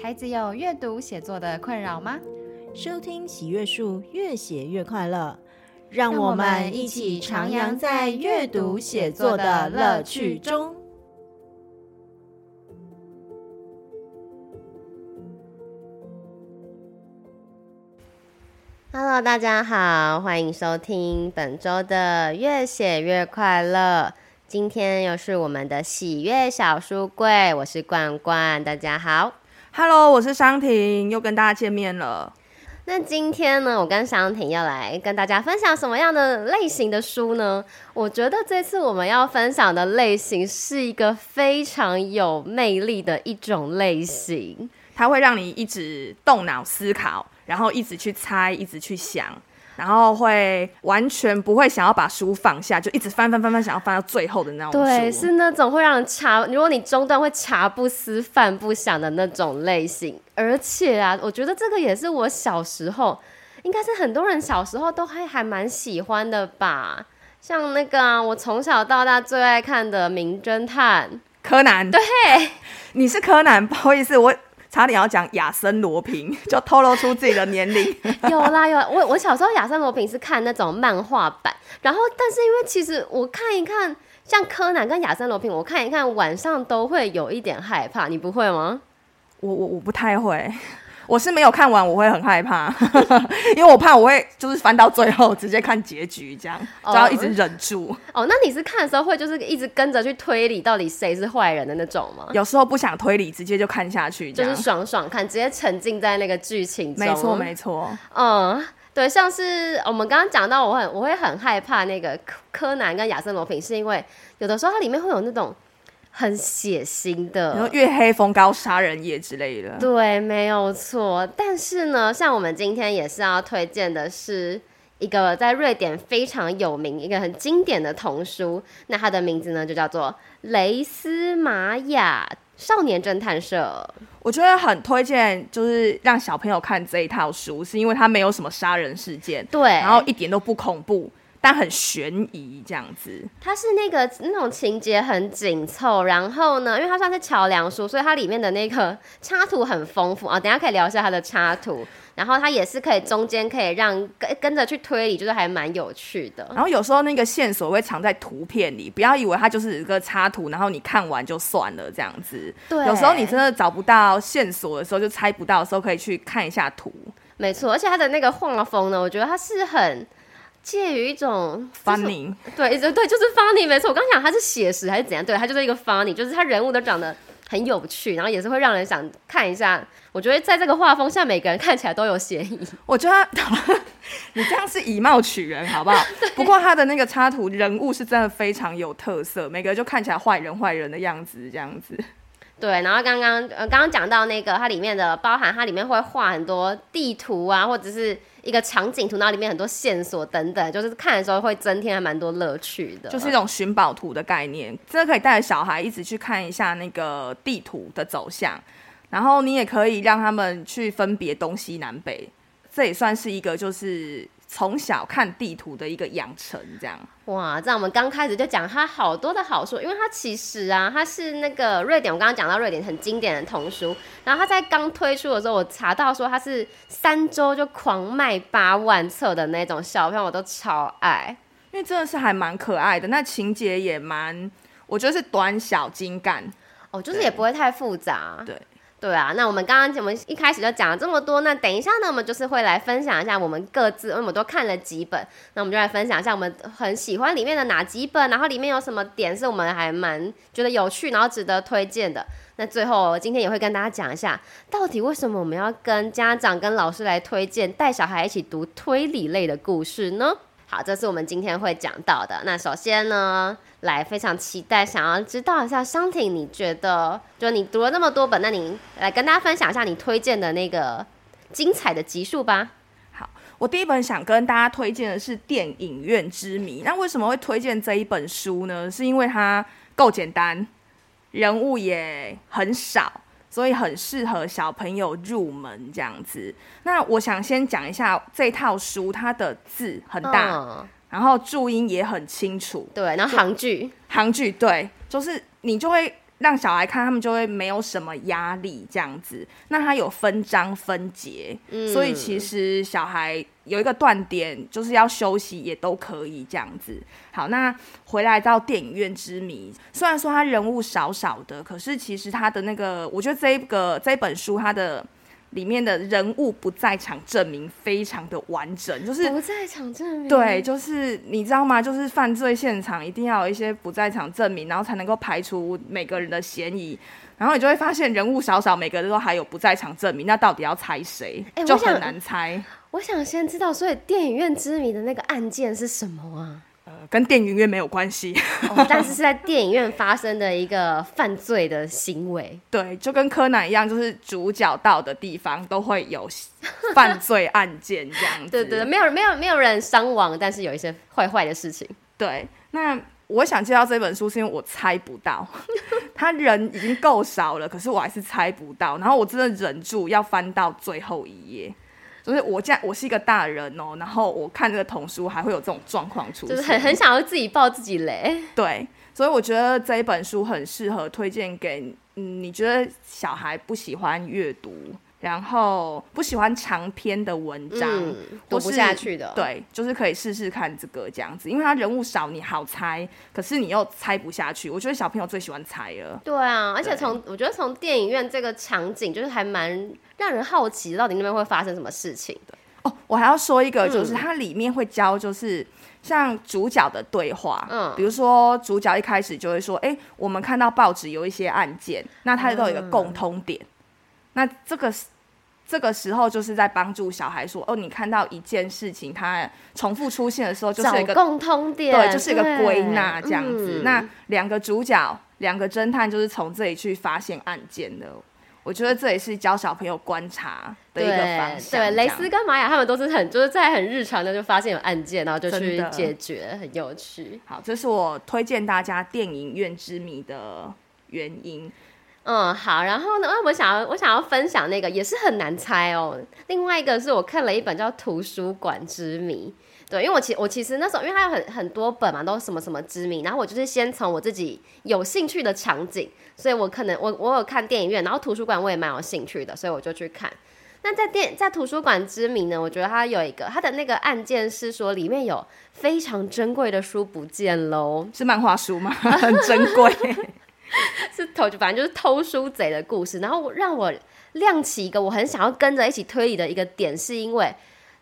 孩子有閱讀寫作的困擾嗎？收聽《喜閱樹越寫越快樂》讓樂，讓我們一起徜徉在閱讀寫作的樂趣中。Hello，大家好，歡迎收聽本周的《越寫越快樂》。今天又是我們的喜閱小書櫃，我是冠冠，大家好。Hello，我是商婷，又跟大家見面了。那今天呢，我跟商婷要來跟大家分享什麼樣的類型的書呢？我覺得這次我們要分享的類型是一個非常有魅力的一種類型，它會讓你一直動腦思考，然後一直去猜，一直去想。然後會完全不會想要把書放下，就一直翻翻翻翻，想要翻到最後的那種。對，是那種會讓人茶，如果你中斷會茶不思飯不想的那種類型。而且啊，我覺得這個也是我小時候，應該是很多人小時候都還還蠻喜歡的吧。像那個、啊、我從小到大最愛看的《名偵探柯南》。對，你是柯南，不好意思我。然後你要講《亞森羅平》，就透露出自己的年齡。 有啦有，我我小時候《亞森羅平》是看那種漫畫版，然後但是因為其實我看一看像柯南跟《亞森羅平》，我看一看晚上都會有一點害怕，你不會嗎？我我我不太會。我是沒有看完，我會很害怕， 因為我怕我會就是翻到最後直接看結局，這樣就要一直忍住。哦、oh, oh，那你是看的時候會就是一直跟着去推理到底誰是壞人的那種嗎？有時候不想推理，直接就看下去，就是爽爽看，直接沉浸在那個劇情中。沒錯沒錯，嗯，對，像是我們剛剛講到，我很我會很害怕那個柯柯南跟亞森羅蘋，是因為有的時候它裡面會有那種。很血腥的，然後月黑風高殺人夜之類的。對，沒有錯。但是呢，像我們今天也是要推薦的，是一個在瑞典非常有名，一個很經典的童書。那它的名字呢，就叫做《雷思瑪雅少年偵探社》。我覺得很推薦，就是讓小朋友看這一套書，是因為它沒有什麼殺人事件，對，然後一點都不恐怖。但很懸疑，這樣子，它是那個那種情節很緊湊，然後呢，因為它算是橋梁書，所以它裡面的那個插圖很豐富啊。等下可以聊一下它的插圖，然後它也是可以中間可以讓跟跟着去推理，就是還蠻有趣的。然後有時候那個線索會藏在圖片裡，不要以為它就是一個插圖，然後你看完就算了這樣子。對，有時候你真的找不到線索的時候，就猜不到的時候，可以去看一下圖。沒錯，而且它的那個畫風呢，我覺得它是很。介於一種 funny，對，一直對，就是 funny，沒錯。我剛講他是寫實還是怎樣？對他就是一個 funny，就是他人物都長得很有趣，然後也是會讓人想看一下。我覺得在這個畫風下，每個人看起來都有嫌疑。我覺得他呵呵，你這樣是以貌取人， 好不好？不過他的那個插圖人物是真的非常有特色，每個人就看起來壞人壞人的樣子這樣子。對，然後剛剛呃剛剛講到那個，它裡面的包含它裡面會畫很多地圖啊，或者是。一個場景圖，那裡面很多線索等等，就是看的時候會增添還蠻多樂趣的，就是一種尋寶圖的概念，這可以帶着小孩一直去看一下那個地圖的走向，然後你也可以讓他們去分別東西南北，這也算是一個就是。從小看地圖的一個養成這樣哇，這樣哇。在我們剛開始就講它好多的好處，因為它其實啊，它是那個瑞典，我剛剛講到瑞典很經典的童書，然後它在剛推出的時候，我查到說它是三周就狂賣八萬冊的那種小票，我都超愛，因為真的是還蠻可愛的，那情節也蠻，我覺得是短小精幹，哦，就是也不會太複雜啊，對。對啊，那我們剛剛我們一開始就講了這麼多，那等一下呢，我們就是會來分享一下我們各自，我們都看了幾本，那我們就來分享一下我們很喜歡裡面的哪幾本，然後裡面有什麼點是我們還蠻覺得有趣，然後值得推薦的。那最後今天也會跟大家講一下，到底為什麼我們要跟家長跟老師來推薦帶小孩一起讀推理類的故事呢？好，這是我們今天會講到的。那首先呢，來非常期待，想要知道一下，商婷你覺得，就你讀了那麼多本，那你來跟大家分享一下你推薦的那個精彩的集數吧。好，我第一本想跟大家推薦的是《電影院之謎》。那為什麼會推薦這一本書呢？是因為它夠簡單，人物也很少。所以很適合小朋友入門這樣子。那我想先講一下這一套書，它的字很大，哦，然後注音也很清楚。對，然後行距，行距，對，就是你就會讓小孩看，他們就會沒有什麼壓力這樣子。那它有分章分節，嗯，所以其實小孩。有一個斷點，就是要休息也都可以這樣子。好，那回來到《電影院之謎》，雖然說他人物少少的，可是其實他的那個，我覺得這個這本書，他的。裡面的人物不在場證明非常的完整，就是不在場證明。對，就是你知道嗎？就是犯罪現場一定要有一些不在場證明，然後才能夠排除每個人的嫌疑。然後你就會發現人物少少，每個人都還有不在場證明，那到底要猜誰？欸，就很難猜。我想先知道，所以電影院之謎的那個案件是什麼啊？跟電影院沒有關係，哦，但是是在電影院發生的一個犯罪的行為。 對，就跟柯南一樣，就是主角到的地方都會有犯罪案件這樣子。 對,對對，沒有沒有沒有人傷亡，但是有一些壞壞的事情。對，那我想介紹這本書是因為我猜不到， 他人已經夠少了，可是我還是猜不到。然後我真的忍住要翻到最後一頁。就是我家，我是一個大人哦，然後我看這個童書還會有這種狀況出現，就是很很想要自己爆自己雷。對，所以我覺得這一本書很適合推薦給，你覺得小孩不喜歡閱讀。然後不喜歡長篇的文章、嗯或，讀不下去的。對，就是可以試試看這個這樣子，因為它人物少，你好猜，可是你又猜不下去。我覺得小朋友最喜歡猜了。對啊，對而且從我覺得從電影院這個場景，就是還蠻讓人好奇，到底那邊會發生什麼事情的。哦，我還要說一個，就是它裡面會教，就是像主角的對話，嗯，比如說主角一開始就會說，哎、欸，我們看到報紙有一些案件，那它都有一個共通點。嗯那這個這個時候就是在幫助小孩說哦，你看到一件事情，它重複出現的時候就是一個共通點，對，就是一個歸納這樣子。嗯、那兩個主角，兩個偵探就是從這裡去發現案件的。我覺得這也是教小朋友觀察的一個方向。對，對，雷思跟瑪雅他們都是很就是在很日常的就發現有案件，然後就去解決，很有趣。好，這是我推薦大家《電影院之謎》的原因。嗯，好，然後呢，我想要我想要分享那個也是很難猜哦。另外一個是我看了一本叫《圖書館之謎》，對，因為我其我其實那時候因為它有很很多本嘛，都什麼什麼之謎。然後我就是先從我自己有興趣的場景，所以我可能我我有看電影院，然後圖書館我也蠻有興趣的，所以我就去看。那在電在《圖書館之謎》呢，我覺得它有一個它的那個案件是說裡面有非常珍貴的書不見囉，是漫畫書嗎？ 很珍貴。 是偷，反正就是偷書賊的故事。然後讓我亮起一個我很想要跟着一起推理的一個點，是因為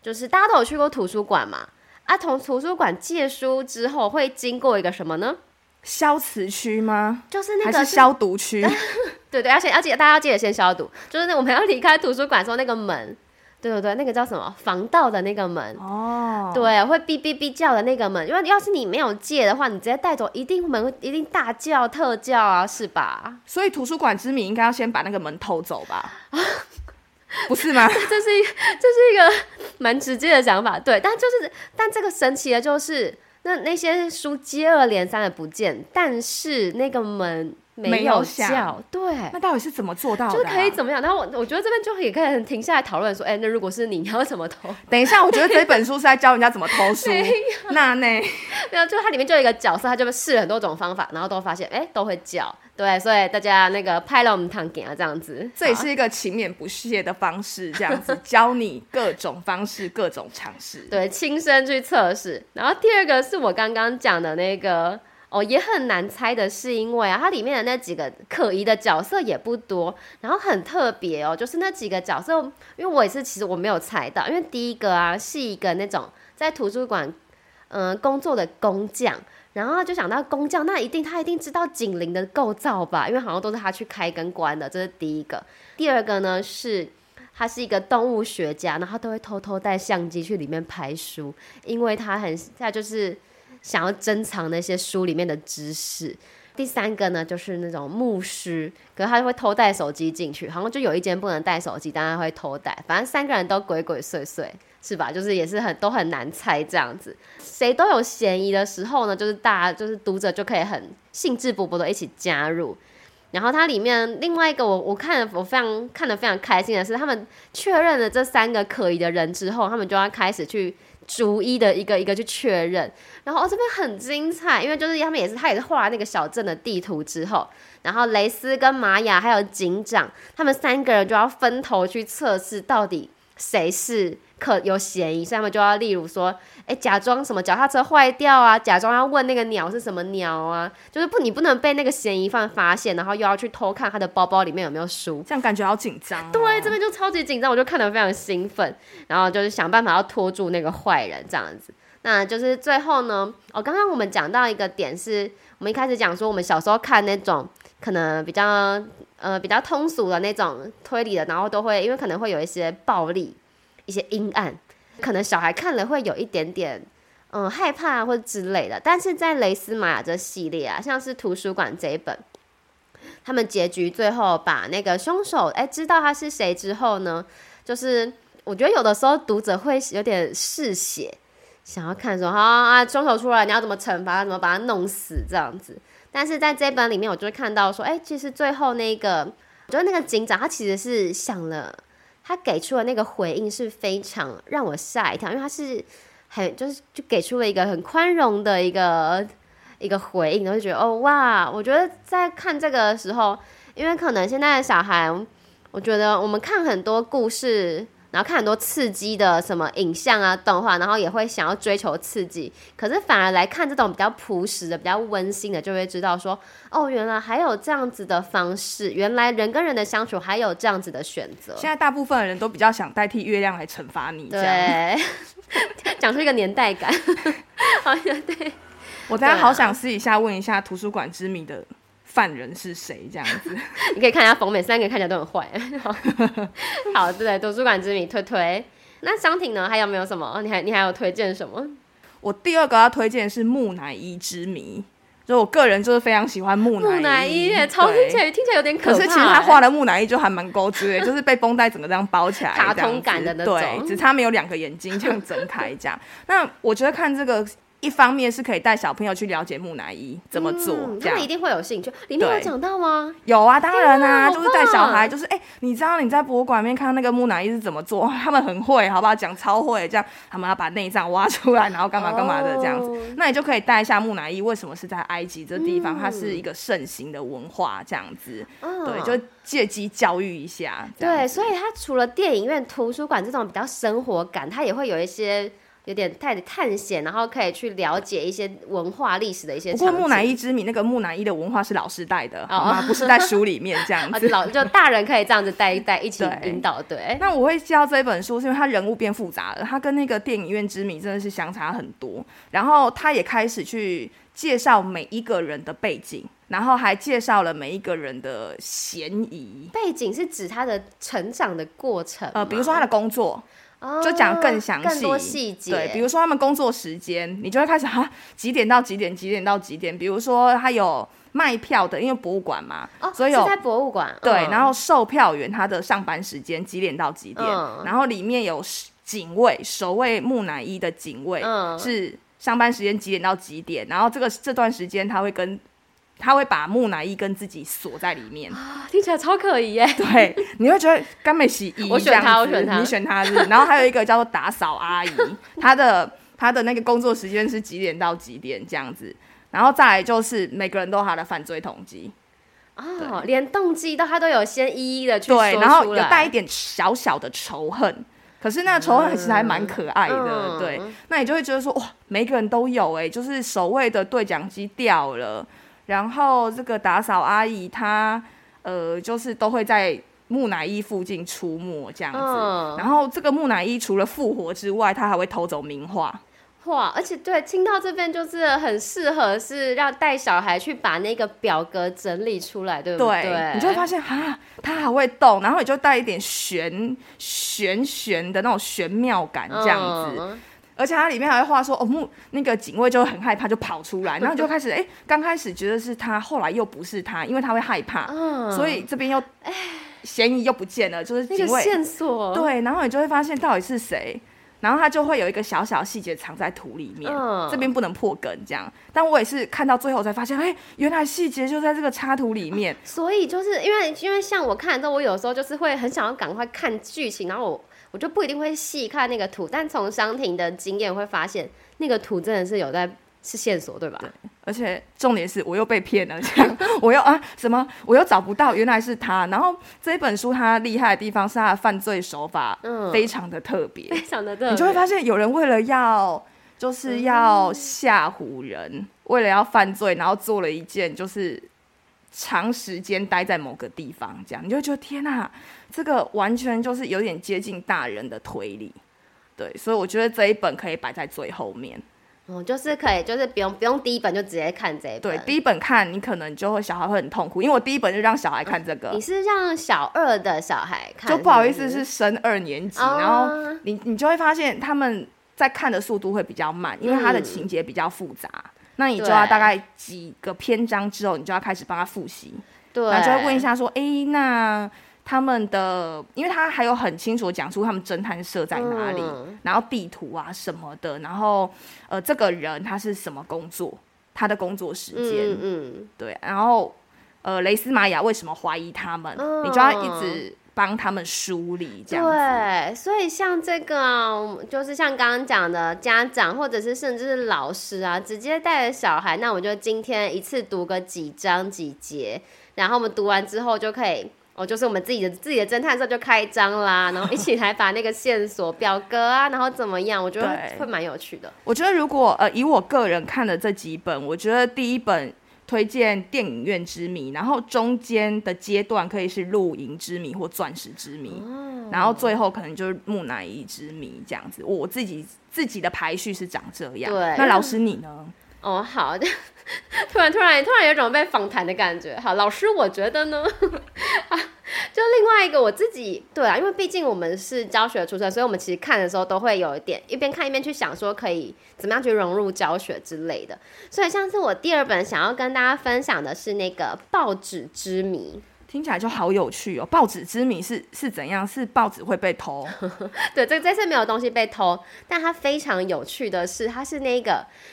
就是大家都有去過圖書館嘛？啊，從圖書館借書之後會經過一個什麼呢？消磁區嗎？就是那個是是消毒區。 對對，而且而且大家要記得先消毒，就是我們要離開圖書館之後那個門。對對對，那個叫什麼防盜的那個門哦，oh. 對，會嗶嗶嗶叫的那個門，因為要是你沒有借的話，你直接帶走，一定門一定大叫特叫啊，是吧？所以圖書館之謎應該要先把那個門偷走吧？ 不是嗎？ 這是這是一個蠻直接的想法，對，但就是但這個神奇的就是那那些書接二連三的不見，但是那個門。沒有笑，對，那到底是怎麼做到的？啊？就是可以怎麼樣？然後我我覺得這邊就也可以可以停下來討論說，哎、欸，那如果是你，你要怎麼偷？等一下，我覺得這本書是在教人家怎麼偷書， 那呢？沒有，就它裡面就有一個角色，他就試很多種方法，然後都發現，哎，都會叫，對，所以大家那個拍了我們湯給啊，這樣子，這也是一個勤勉不懈的方式，這樣子教你各種方式， 各種嘗試，對，親身去測試。然後第二個是我剛剛講的那個。哦，也很難猜的，是因為啊，它裡面的那幾個可疑的角色也不多，然後很特別哦，就是那幾個角色，因為我也是，其實我沒有猜到，因為第一個啊是一個那種在圖書館嗯、呃、工作的工匠，然後就想到工匠，那一定他一定知道警鈴的構造吧，因為好像都是他去開跟關的，這是第一個。第二個呢是他是一個動物學家，然後都會偷偷帶相機去裡面拍書，因為他很在就是。想要珍藏那些書裡面的知識。第三個呢，就是那種牧師，可是他會偷帶手機進去，好像就有一間不能帶手機，但他會偷帶，反正三個人都鬼鬼祟祟，是吧？就是也是很都很難猜這樣子，誰都有嫌疑的時候呢，就是大家就是讀者就可以很興致勃勃地一起加入。然後它裡面另外一個我我看我非常看得非常開心的是，他們確認了這三個可疑的人之後，他們就要開始去。逐一的一個一個去確認，然後，哦，這邊很精彩，因為就是他們也是，他也是畫那個小鎮的地圖之後，然後雷斯跟瑪雅還有警長，他們三個人就要分頭去測試到底。誰是可有嫌疑？所以他們就要，例如說，誒、欸，假裝什麼腳踏車壞掉啊，假裝要問那個鳥是什麼鳥啊，就是不你不能被那個嫌疑犯發現，然後又要去偷看他的包包裡面有沒有書，這樣感覺好緊張啊。對，這邊就超級緊張，我就看得非常興奮，然後就是想辦法要拖住那個壞人這樣子。那就是最後呢，哦，剛剛我們講到一個點是，是我們一開始講說，我們小時候看那種可能比較。呃，比較通俗的那種推理的，然後都會因為可能會有一些暴力、一些陰暗，可能小孩看了會有一點點嗯、呃、害怕或之類的。但是在雷思瑪雅這系列啊，像是圖書館這一本，他們結局最後把那個凶手哎知道他是誰之後呢，就是我覺得有的時候讀者會有點嗜血，想要看說、哦、啊啊凶手出來，你要怎麼懲罰怎麼把他弄死這樣子。但是在這本裡面，我就會看到說，哎、欸，其實最後那個，我覺得那個警長他其實是想了，他給出的那個回應是非常讓我嚇一跳，因為他是很就是就給出了一個很寬容的一個一個回應，然後就覺得哦哇，我覺得在看這個的時候，因為可能現在的小孩，我覺得我們看很多故事。然後看很多刺激的什麼影像啊、動畫，然後也會想要追求刺激，可是反而來看這種比較樸實的、比較溫馨的，就會知道說，哦，原來還有這樣子的方式，原來人跟人的相處還有這樣子的選擇。現在大部分的人都比較想代替月亮來懲罰你這樣，對， 講出一個年代感，好像對。我大家好想私底下問一下《圖書館之謎》的。犯人是誰？這樣子， 你可以看一下。封面三個人看起來都很壞。好， 好，對，《圖書館之謎》推推。那商婷呢？還有沒有什麼？你還你還有推薦什麼？我第二個要推薦的是《木乃伊之謎》，就我個人就是非常喜歡木乃伊。木乃伊，超級聽起來有點可怕。可是其實他畫的木乃伊就還蠻勾錐的， 就是被繃帶整個這樣包起來，卡通感的那種。對，只差沒有兩個眼睛這樣睜開這樣。 那我覺得看這個。一方面是可以帶小朋友去了解木乃伊怎麼做，嗯、這樣他們一定會有興趣。裡面有講到嗎？有啊，當然啦，啊，就是帶小孩，就是哎，欸，你知道你在博物館裡面看那個木乃伊是怎麼做？他們很會，好不好？講超會，這樣他們要把內臟挖出來，然後幹嘛幹嘛的這樣子。哦，那你就可以帶一下木乃伊為什麼是在埃及這地方，嗯、它是一個盛行的文化這樣子。嗯、對，就借機教育一下。對，所以他除了電影院、圖書館這種比較生活感，他也會有一些。有點帶著探險，然後可以去了解一些文化歷史的一些。不過木乃伊之謎，那個木乃伊的文化是老師帶的，oh. 好嗎？不是在書裡面這樣子，老 就大人可以這樣子帶一帶，一起引導。對。對那我會教這一本書，是因為他人物變複雜了，他跟那個電影院之謎真的是相差很多。然後他也開始去介紹每一個人的背景，然後還介紹了每一個人的嫌疑。背景是指他的成長的過程，呃，比如說他的工作。Oh, 就講更詳細，更多細節。對，比如說他們工作時間，你就會開始啊，幾點到幾點，幾點到幾點。比如說他有賣票的，因為博物館嘛，oh, 所以有是在博物館。對、嗯，然後售票員他的上班時間幾點到幾點、嗯？然後裡面有警衛守衛木乃伊的警衛、嗯、是上班時間幾點到幾點？然後這個這段時間他會跟。他會把木乃伊跟自己鎖在裡面啊，聽起來超可疑耶、欸！對，你會覺得甘美喜，我選他，我選他，你選他是。然後還有一個叫做打掃阿姨，她 的她的那個工作時間是幾點到幾點這樣子。然後再來就是每個人都有他的犯罪統計啊、哦，連動機都他都有先一一的去對，然後有帶一點小小的仇恨，可是那個仇恨其實還蠻可愛的、嗯。對，那你就會覺得說哇，每個人都有哎、欸，就是守衛的對講機掉了。然後這個打掃阿姨她，呃，就是都會在木乃伊附近出沒這樣子。哦、然後這個木乃伊除了復活之外，他還會偷走名畫。哇！而且對，聽到這邊就是很適合是要帶小孩去把那個表格整理出來，對不對？對，你就會發現哈，他還會動，然後也就帶一點玄玄玄的那種玄妙感這樣子。哦而且它裡面還會畫說哦，木那個警衛就很害怕，就跑出來，然後你就開始哎，剛、欸、開始覺得是他，後來又不是他，因為他會害怕，嗯、所以這邊又，嫌疑又不見了，就是那個線索對，然後你就會發現到底是誰，然後他就會有一個小小細節藏在圖裡面，嗯、這邊不能破梗這樣，但我也是看到最後才發現，哎、欸，原來細節就在這個插圖裡面，所以就是因為因為像我看到我有時候就是會很想要趕快看劇情，然後我。我就不一定會細看那個圖，但從商婷的經驗會發現，那個圖真的是有在是線索，對吧？對。而且重點是我， 我又被騙了，我又啊什麼？我又找不到，原來是他。然後這一本書它厲害的地方是，他的犯罪手法嗯非常的特別，非常的對，你就會發現，有人為了要就是要嚇唬人、嗯，為了要犯罪，然後做了一件就是。長時間待在某個地方，這樣你就覺得天啊，這個完全就是有點接近大人的推理，對，所以我覺得這一本可以擺在最後面。嗯、哦，就是可以，就是不用不用第一本就直接看這一本。對，第一本看，你可能就會小孩會很痛苦，因為我第一本就讓小孩看這個。嗯、你是讓小二的小孩看是不是？就不好意思是升二年級，然後你你就會發現他們在看的速度會比較慢，因為他的情節比較複雜。嗯那你就要大概幾個篇章之後，你就要開始幫他復習，對，然後就會問一下說：“哎、欸，那他們的，因為他還有很清楚講出他們偵探社在哪裡、嗯，然後地圖啊什麼的，然後呃，這個人他是什麼工作，他的工作時間，嗯，嗯，對，然後呃，雷斯瑪雅為什麼懷疑他們、嗯？你就要一直。”幫他們梳理這樣子，對，所以像這個、啊，就是像剛剛講的家長或者是甚至是老師啊，直接帶着小孩，那我就今天一次讀個幾章幾節，然後，我們讀完之後就可以，哦，就是我們自己的自己的偵探社就開張啦，然後一起來把那個線索表格啊， 然後怎麼樣，我覺得會蠻有趣的。我覺得如果呃以我個人看的這幾本，我覺得第一本。推薦《電影院之謎》，然後中間的階段可以是《露營之謎》或《鑽石之謎》oh.，然後最後可能就是《木乃伊之謎》這樣子。我自己自己的排序是長這樣。對，那老師你呢？哦、oh,，好的。突然，突然，突然有種被訪談的感覺。好，老師，我覺得呢。 就另外一個我自己對啊，因為畢竟我們是教學出身，所以我們其實看的時候都會有點一點一邊看一邊去想，說可以怎麼樣去融入教學之類的。所以像是我第二本想要跟大家分享的是那個報紙之謎，聽起來就好有趣哦。報紙之謎是是怎樣？是報紙會被偷？ 對，這這次沒有東西被偷，但它非常有趣的是，它是那個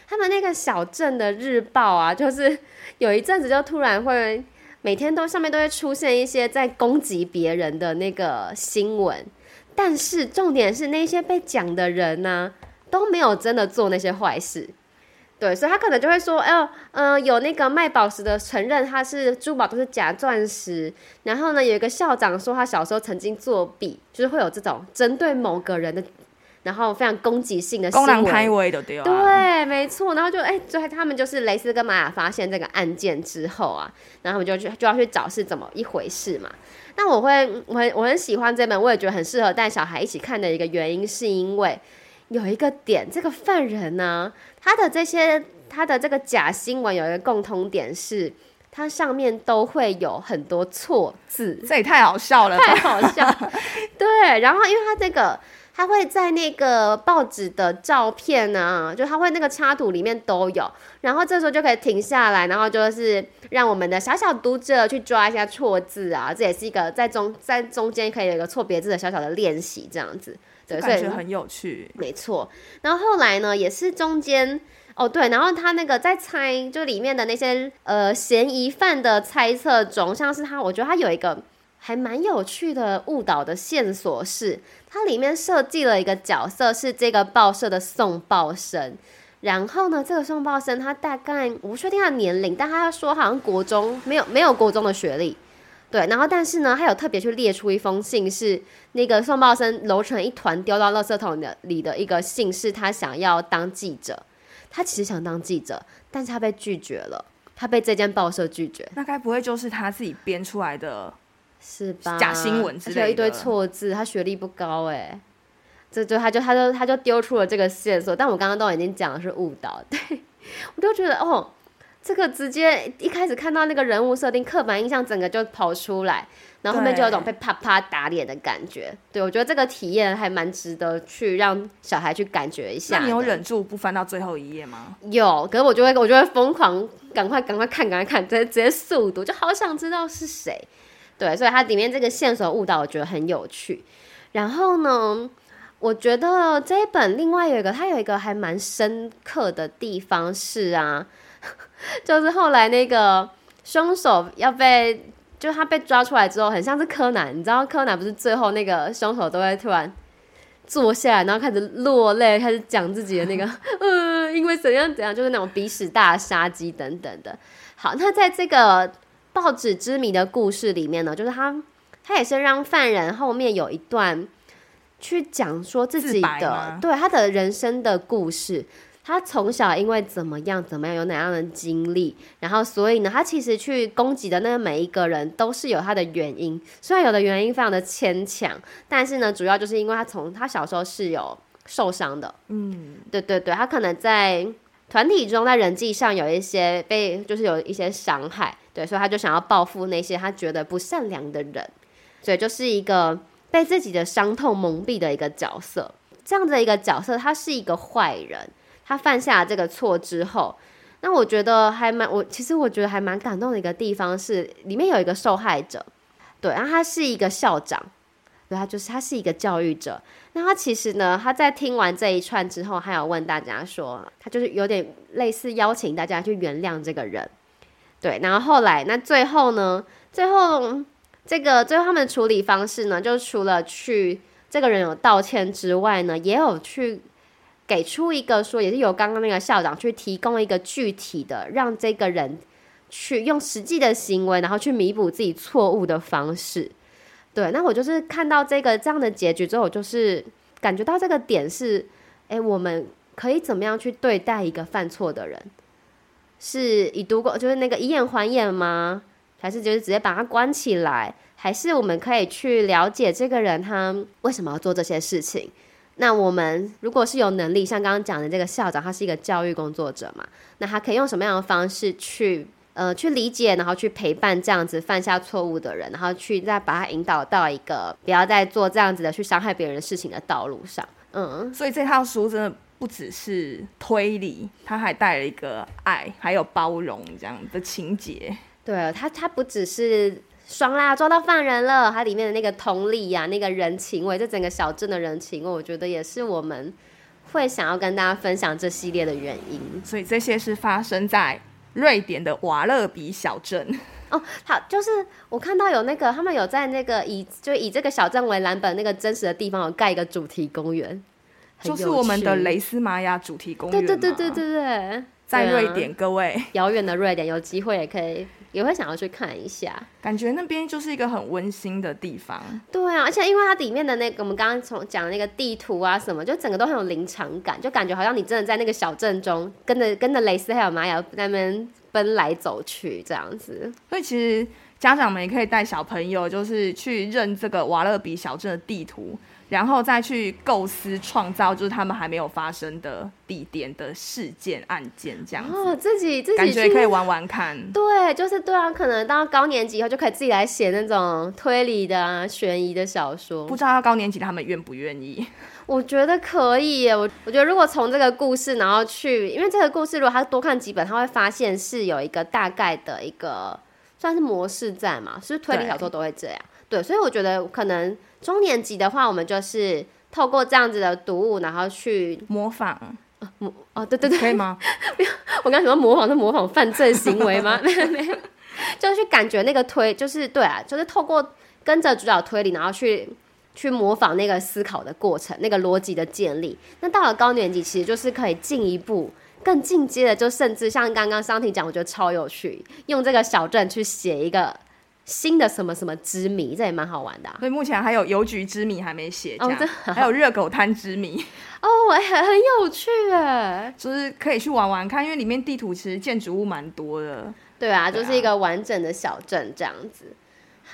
他們那個小鎮的日報啊，就是有一陣子就突然會。每天都上面都會出現一些在攻擊別人的那個新聞，但是重點是那些被講的人呢、啊、都沒有真的做那些壞事，對，所以他可能就會說，哎、欸、呦，嗯、呃，有那個賣寶石的承認他是珠寶都是假鑽石，然後呢有一個校長說他小時候曾經作弊，就是會有這種針對某個人的。然後非常攻擊性的新聞，對，沒錯。然後就哎、欸，所以他們就是雷思跟瑪雅發現這個案件之後啊，然後他們就去就要去找是怎麼一回事嘛。那我會我很我很喜歡這本，我也覺得很適合帶小孩一起看的一個原因，是因為有一個點，這個犯人呢，他的這些他的這個假新聞有一個共同點是，它上面都會有很多錯字，這也太好笑了吧，太好笑。 對，然後因為他這個。他會在那個報紙的照片呢、啊，就他會那個插圖裡面都有，然後這時候就可以停下來，然後就是讓我們的小小讀者去抓一下錯字啊，這也是一個在中在中間可以有一個錯別字的小小的練習，這樣子，對，所以就很有趣，沒錯。然後後來呢，也是中間哦，對，然後他那個在猜就裡面的那些呃嫌疑犯的猜測中，像是他，我覺得他有一個。還蠻有趣的誤導的線索是，它裡面設計了一個角色，是這個報社的送報生。然後呢，這個送報生他大概我不確定他的年齡，但他說好像國中沒有沒有國中的學歷。對，然後但是呢，他有特別去列出一封信，是那個送報生揉成一團丟到垃圾桶的裡的一個信，是他想要當記者。他其實想當記者，但是他被拒絕了，他被這間報社拒絕。那該不會就是他自己編出來的？是吧？假新聞之類的，還一堆錯字。他學歷不高哎，這就他就他就他就丟出了這個線索。但我剛剛都已經講的是誤導，對我就覺得哦，這個直接一開始看到那個人物設定刻板印象，整個就跑出來，然後後面就有種被啪啪打臉的感覺。對，對我覺得這個體驗還蠻值得去讓小孩去感覺一下。那你有忍住不翻到最後一頁嗎？有，可是我就會我就會瘋狂趕快趕快看趕快看，直接直接速讀，我就好想知道是誰。對，所以它裡面這個線索誤導，我覺得很有趣。然後呢，我覺得這一本另外有一個，它有一個還蠻深刻的地方是啊，就是後來那個兇手要被，就他被抓出來之後，很像是柯南，你知道柯南不是最後那個兇手都會突然坐下來，然後開始落淚，開始講自己的那個，呃，因為怎樣怎樣，就是那種鼻屎大殺機等等的。好，那在這個。報紙之謎的故事裡面呢，就是他，他也是讓犯人後面有一段去講說自己的，對他的人生的故事。他從小因為怎麼樣怎麼樣有哪樣的經歷，然後所以呢，他其實去攻擊的那每一個人都是有他的原因。雖然有的原因非常的牽強，但是呢，主要就是因為他從他小時候是有受傷的，嗯，對對對，他可能在。團體中在人際上有一些被，就是有一些傷害，對，所以他就想要報復那些他覺得不善良的人，所以就是一個被自己的傷痛蒙蔽的一個角色，這樣的一個角色，他是一個壞人，他犯下了這個錯之後，那我覺得還蠻，我其實我覺得還蠻感動的一個地方是，裡面有一個受害者，對，然後他是一個校長。他就是他是一個教育者，那他其實呢，他在聽完這一串之後，還有問大家說，他就是有點類似邀請大家去原諒這個人，對。然後後來那最後呢，最後這個最後他們的處理方式呢，就除了去這個人有道歉之外呢，也有去給出一個說，也是由剛剛那個校長去提供一個具體的，讓這個人去用實際的行為，然後去彌補自己錯誤的方式。對，那我就是看到這個這樣的結局之後，我就是感覺到這個點是，哎、欸，我們可以怎麼樣去對待一個犯錯的人？是以毒攻，就是那個以眼還眼嗎？還是就是直接把他關起來？還是我們可以去了解這個人他為什麼要做這些事情？那我們如果是有能力，像剛剛講的這個校長，他是一個教育工作者嘛，那他可以用什麼樣的方式去？呃，去理解，然後去陪伴這樣子犯下錯誤的人，然後去再把他引導到一個不要再做這樣子的去傷害別人的事情的道路上。嗯，所以這套書真的不只是推理，它還帶了一個愛，還有包容這樣的情節。對，它它不只是雙啦抓到犯人了，它裡面的那個同理呀、啊，那個人情味，這整個小鎮的人情味，我覺得也是我們會想要跟大家分享這系列的原因。所以這些是發生在瑞典的瓦勒比小鎮哦，好，就是我看到有那個他們有在那個以就以這個小鎮為藍本那個真實的地方，有蓋一個主題公園，就是我們的雷思瑪雅主題公園，對對對對對對，在瑞典，啊、各位遙遠的瑞典，有機會也可以。 也會想要去看一下，感覺那邊就是一個很溫馨的地方。對啊，而且因為它裡面的那個，我們剛剛從講的那個地圖啊什麼，就整個都很有臨場感，就感覺好像你真的在那個小鎮中跟著，跟着跟着雷思還有瑪雅在那邊奔來走去這樣子。所以其實家長們也可以帶小朋友，就是去認這個瓦勒比小鎮的地圖。然後再去構思創造，就是他們還沒有發生的地點的事件案件這樣子。哦，自己自己可以玩玩看。對，就是對啊，可能到高年級以後就可以自己來寫那種推理的、啊、懸疑的小說。不知道到高年級他們願不願意？我覺得可以耶。我我覺得如果從這個故事，然後去，因為這個故事如果他多看幾本，他會發現是有一個大概的一個算是模式在嘛，是不是推理小說都會這樣？對，所以我覺得可能中年級的話，我們就是透過這樣子的讀物，然後去模仿，啊、模哦、啊，對對對，可以嗎？ 我剛才說模仿，是模仿犯罪行為嗎？沒有沒有，就是去感覺那個推，就是對啊，就是透過跟着主角推理，然後去去模仿那個思考的過程，那個邏輯的建立。那到了高年級，其實就是可以進一步更進階的，就甚至像剛剛商婷講，我覺得超有趣，用這個小鎮去寫一個。新的什麼什麼之謎，這也蠻好玩的。啊，所以目前還有郵局之謎還沒寫。哦，哦，還有熱狗攤之謎，哦，我很很有趣，哎就是可以去玩玩看，因為裡面地圖其實建築物蠻多的。對啊，就是一個完整的小鎮這樣子。啊。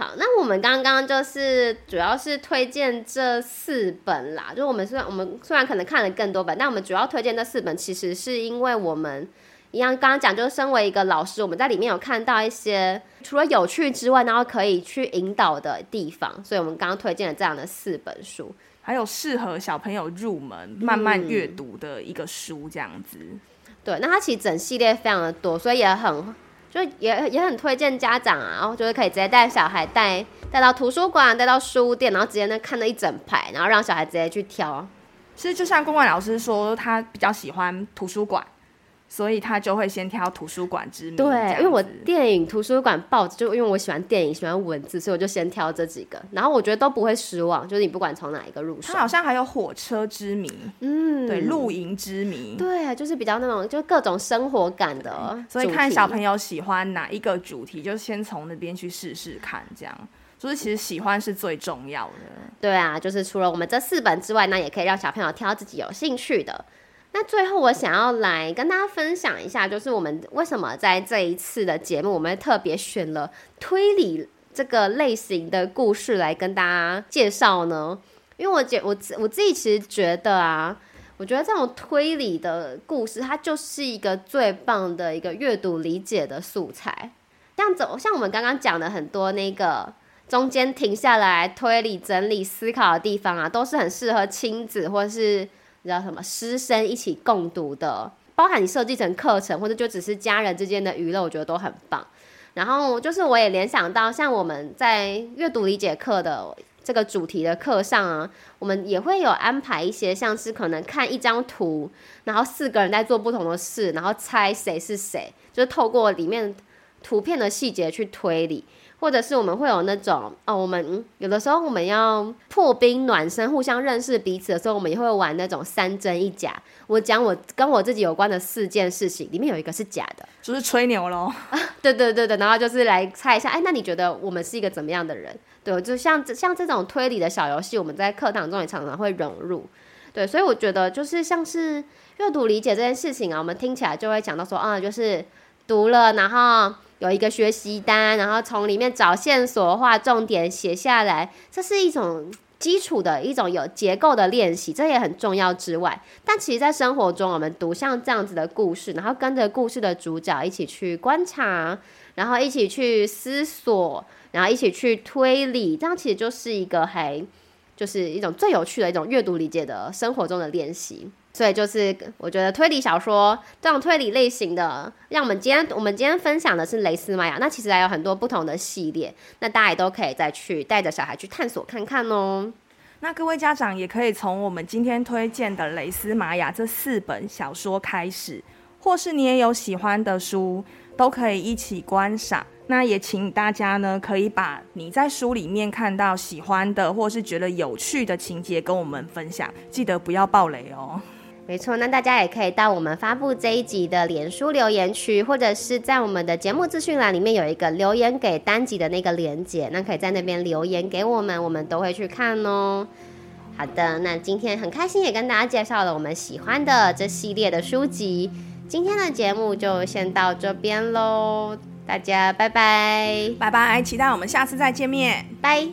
好，那我們剛剛就是主要是推薦這四本啦，就我們雖然我們雖然可能看了更多本，但我們主要推薦這四本，其實是因為我們。一樣，剛剛講就是身為一個老師，我們在裡面有看到一些除了有趣之外，然後可以去引導的地方，所以我們剛剛推薦了這樣的四本書，還有適合小朋友入門慢慢閱讀的一個書這樣子。嗯，對，那它其實整系列非常的多，所以也很就也也很推薦家長啊，然後、哦、就是可以直接帶小孩帶帶到圖書館，帶到書店，然後直接那看了一整排，然後讓小孩直接去挑。其實就像冠冠老師說，他比較喜歡圖書館。所以他就會先挑圖書館之謎，對，因為我電影、圖書館、報紙，就因為我喜歡電影，喜歡文字，所以我就先挑這幾個。然後我覺得都不會失望，就是你不管從哪一個入手，他好像還有火車之謎，嗯，對，露營之謎，對，就是比較那種就是各種生活感的。所以看小朋友喜歡哪一個主題，就先從那邊去試試看，這樣。就是其實喜歡是最重要的。嗯。對啊，就是除了我們這四本之外，那也可以讓小朋友挑自己有興趣的。那最後，我想要來跟大家分享一下，就是我們為什麼在這一次的節目，我們特別選了推理這個類型的故事來跟大家介紹呢？因為我覺我我自己其實覺得啊，我覺得這種推理的故事，它就是一個最棒的一個閱讀理解的素材。這樣子，像我們剛剛講的很多那個中間停下來推理、整理、思考的地方啊，都是很適合親子或是。你知道什麼師生一起共讀的，包含你設計成課程，或者就只是家人之間的娛樂，我覺得都很棒。然後就是我也聯想到，像我們在閱讀理解課的這個主題的課上啊，我們也會有安排一些，像是可能看一張圖，然後四個人在做不同的事，然後猜誰是誰，就是透過裡面圖片的細節去推理。或者是我們會有那種哦，我們有的時候我們要破冰暖身，互相認識彼此的時候，我們也會玩那種三真一假。我講我跟我自己有關的四件事情，裡面有一個是假的，就是吹牛嘍。啊，對對對對，然後就是來猜一下。哎，那你覺得我們是一個怎麼樣的人？對，就像像這種推理的小遊戲，我們在課堂中也常常會融入。對，所以我覺得就是像是閱讀理解這件事情啊，我們聽起來就會講到說啊，就是讀了，然後。有一個學習單，然後從裡面找線索，畫重點寫下來，這是一種基礎的一種有結構的練習，這也很重要之外。但其實，在生活中，我們讀像這樣子的故事，然後跟着故事的主角一起去觀察，然後一起去思索，然後一起去推理，這樣其實就是一個還就是一種最有趣的一種閱讀理解的生活中的練習。所以就是我覺得推理小說這種推理類型的，讓我們今天我們今天分享的是雷思瑪雅，那其實還有很多不同的系列，那大家也都可以再去帶着小孩去探索看看哦。那各位家長也可以從我們今天推薦的雷思瑪雅這四本小說開始，或是你也有喜歡的書，都可以一起觀賞。那也請大家呢，可以把你在書裡面看到喜歡的或是覺得有趣的情節跟我們分享，記得不要爆雷哦。沒錯，那大家也可以到我們發布這一集的臉書留言區，或者是在我們的節目資訊欄裡面有一個留言給單集的那個連結，那可以在那邊留言給我們，我們都會去看喔。好的，那今天很開心也跟大家介紹了我們喜歡的這系列的書籍，今天的節目就先到這邊嘍，大家拜拜，拜拜，期待我們下次再見面，拜。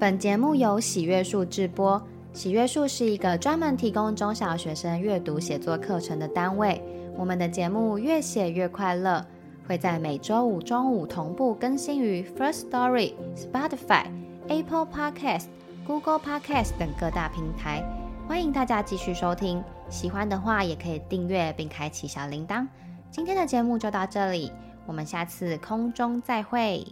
本節目由喜閱樹製播。喜閱樹是一個專門提供中小學生閱讀寫作課程的單位。我們的節目《越寫越快樂》會在每周五中午同步更新於 First Story、Spotify、Apple Podcast、Google Podcast 等各大平台。歡迎大家繼續收聽，喜歡的話也可以訂閱並開啟小鈴鐺。今天的節目就到這裡，我們下次空中再會。